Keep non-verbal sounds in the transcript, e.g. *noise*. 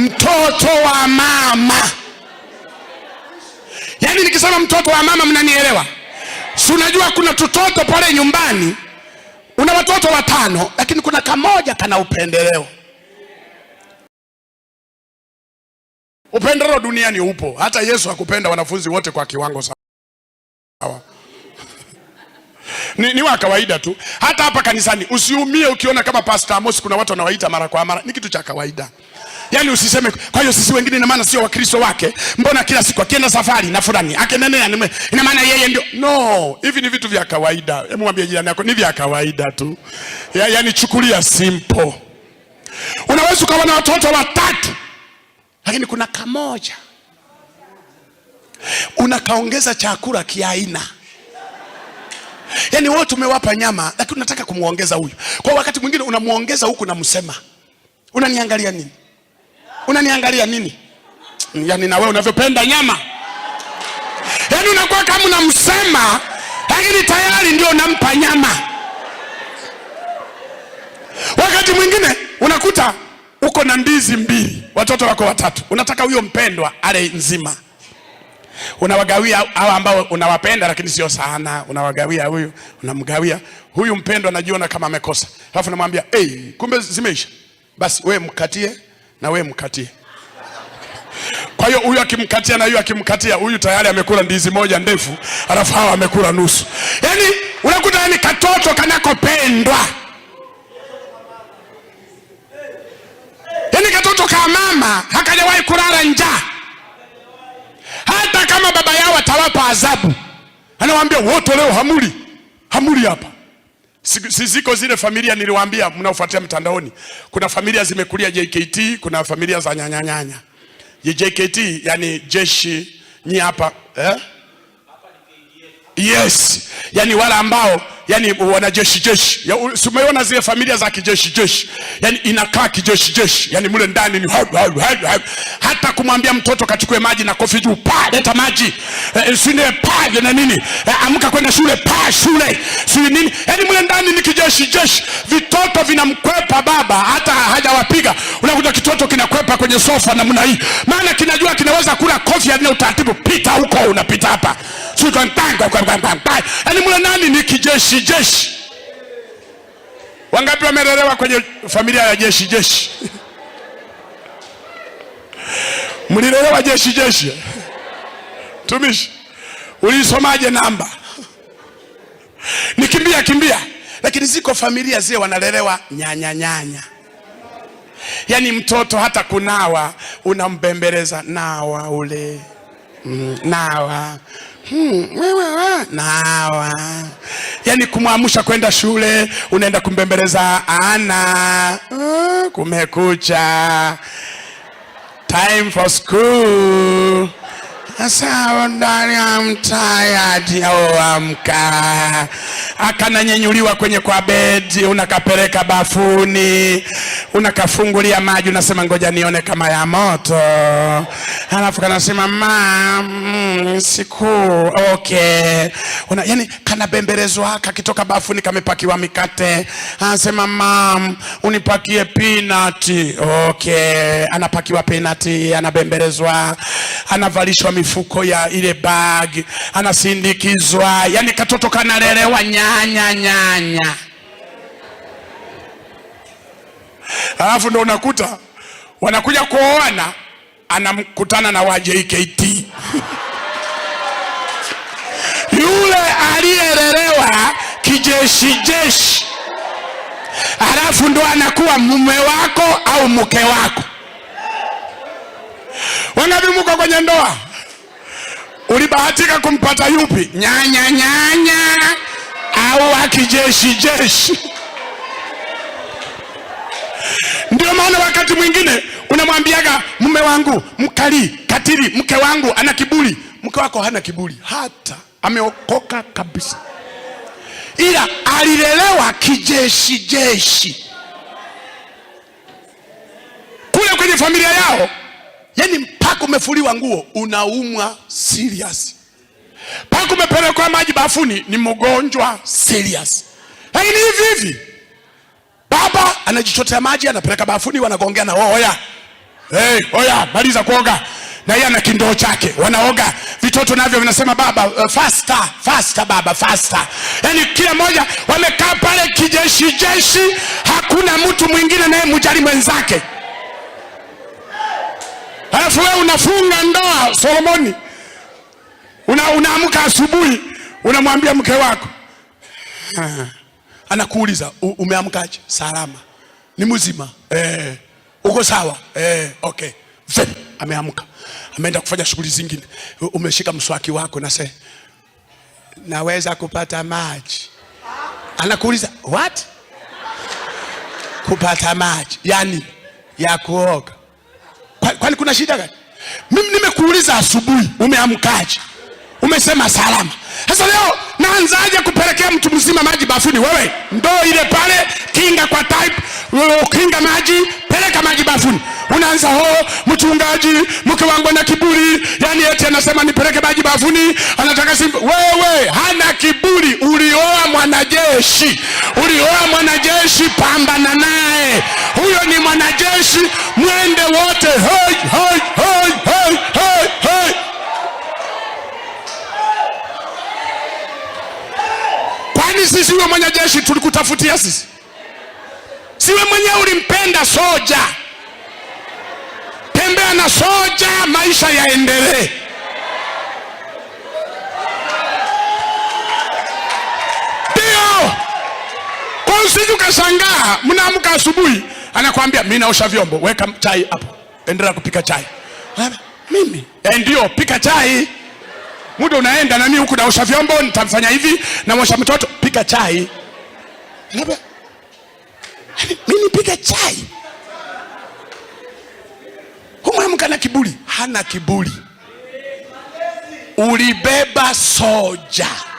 mtoto wa mama. Yaani nikisema mtoto wa mama mnanielewa? Si unajua kuna tutoto pale nyumbani, una watoto watano, lakini kuna kamoja kana upendeleo. Upendeleo duniani upo, hata Yesu akupenda wanafunzi wote kwa kiwango sawa. Ni, ni wa kawaida tu. Hata hapa kanisani usiumie ukiona kama Pastor Amos kuna watu wanawaita mara kwa mara, ni kitu cha kawaida yani usiseme. Kwa hiyo sisi wengine, ina maana sio wakristo wake? Mbona kila siku akienda safari na fulani akenenea ina maana yeye ndio? No, hivi ni vitu vya kawaida. Hebu mwambie jirani yako ni vya kawaida tu ya, yani chukulia simple. Unaweza ukawa na watoto watatu, lakini kuna kamoja unakaongeza chakula kiaina Yaani wewe tumewapa nyama lakini unataka kumwongeza huyu. Kwa wakati mwingine unamwongeza huku na msema. Unaniangalia nini? unaniangalia nini? Yaani na wewe unavyopenda nyama, yaani unakuwa kama unamsema, lakini tayari ndio unampa nyama. Wakati mwingine unakuta uko na ndizi mbili, watoto wako watatu, unataka huyo mpendwa ale nzima unawagawia hawa ambao unawapenda lakini sio sana, unawagawia huyu, unamgawia huyu. Mpendwa anajiona kama amekosa, alafu namwambia hey, kumbe zimeisha. Basi we mkatie na we mkatie. Kwa hiyo huyu akimkatia na huyu akimkatia, huyu tayari amekula ndizi moja ndefu, alafu hawa amekula nusu. Yani unakuta yani katoto kanakopendwa, yani katoto ka mama hakajawahi kulala njaa, hata kama baba yao atawapa adhabu, anawaambia wote leo hamuli, hamuli hapa Si zile familia niliwaambia, mnaofuatia mtandaoni, kuna familia zimekulia JKT, kuna familia za nyanyanyanya JKT, yani jeshi nyi hapa eh? Yes, yani wale ambao yani wanajeshi jeshi, umeona zile familia za kijeshi jeshi, yani inakaa kijeshi jeshi, yani mule ndani ni hau, hau, hau, hau. Hata kumwambia mtoto kachukue maji na kofi juu, pa leta maji e, ndio pa na nini e, amka kwenda shule, pa shule sio nini, yani mule ndani ni kijeshi jeshi, vitoto vinamkwepa baba unawapiga unakuta kitoto kinakwepa kwenye sofa namna hii, maana kinajua kinaweza kula kofi alina utaratibu. Pita huko, unapita hapa, yaani mule nani ni kijeshi jeshi. Wangapi wamelelewa kwenye familia ya jeshi jeshi? *laughs* Mlilelewa jeshi jeshi? Tumishi, ulisomaje namba? Nikimbia kimbia, lakini ziko familia zile wanalelewa nyanyanyanya yani mtoto hata kunawa unambembeleza, nawa ule mm, nawa Hmm, nawa, yani kumwamsha kwenda shule, unaenda kumbembeleza ana uh, kumekucha, time for school sawa ndani ya mtayati auamka akananyenyuliwa kwenye kwa bedi, unakapeleka bafuni, unakafungulia maji, unasema ngoja nione kama ya moto, halafu kanasema ma mm, siku okay. Una, yani kanabembelezwa kakitoka bafuni kamepakiwa mikate, anasema mam, unipakie peanut okay. Anapakiwa peanut, anabembelezwa, anavalishwa mifu mifuko ya ile bag, anasindikizwa. Yani katoto kanalelewa nyanya nyanya, alafu ndo unakuta wanakuja kuoana, anamkutana na wa JKT *laughs* yule aliyelelewa kijeshi jeshi, alafu ndo anakuwa mume wako au mke wako. Wangapi kwenye ndoa? Ulibahatika kumpata yupi? Nyanya nyanya au akijeshi jeshi? Ndio maana wakati mwingine unamwambiaga mume wangu mkali katili, mke wangu ana kiburi. Mke wako hana kiburi hata, ameokoka kabisa, ila alilelewa kijeshi jeshi kule kwenye familia yao, yani paka umefuliwa nguo unaumwa serious, paka umepelekwa maji bafuni ni mgonjwa serious. Lakini hivi hivi baba anajichotea maji anapeleka bafuni, wanagongea na wao oya, hey, oya maliza kuoga na yeye ana kindoo chake, wanaoga. Vitoto navyo vinasema baba, uh, faster faster baba faster. Yani kila mmoja wamekaa pale kijeshi jeshi, hakuna mtu mwingine naye mujali mwenzake. Halafu wewe unafunga ndoa Solomoni, unaamka una asubuhi, unamwambia mke wako ha. Ah, anakuuliza umeamkaje? Salama, ni mzima eh, uko sawa eh, okay. Ameamka ameenda kufanya shughuli zingine, umeshika mswaki wako na se naweza kupata maji? Anakuuliza what? Kupata maji yani ya kuoga Kwani kuna shida gani? Mimi nimekuuliza asubuhi, umeamkaje? Umesema salama. Sasa leo naanzaje kupelekea mtu mzima maji bafuni? Wewe ndoo ile pale, kinga kwa type, kinga maji, peleka maji bafuni. Unaanza ho, oh, mchungaji, mke wangu na kibu anasema nipeleke maji bafuni, anataka Simba. Wewe hana kiburi, ulioa mwanajeshi, ulioa mwanajeshi, pambana naye. Huyo ni mwanajeshi, mwende wote. Hey, hey, hey, hey, hey, hey. Kwani sisi huyo mwanajeshi tulikutafutia sisi? Siwe mwenyewe ulimpenda soja, tembea na soja, maisha yaendelee. ukashangaa, mnaamka asubuhi, anakwambia mimi naosha vyombo, weka chai hapo, endelea kupika chai. Mimi e, ndio pika chai. Muda unaenda nami huku naosha vyombo, nitamfanya hivi, naosha mtoto, pika chai. Labda mimi pika chai, humwamka na kiburi, hana kiburi, ulibeba soja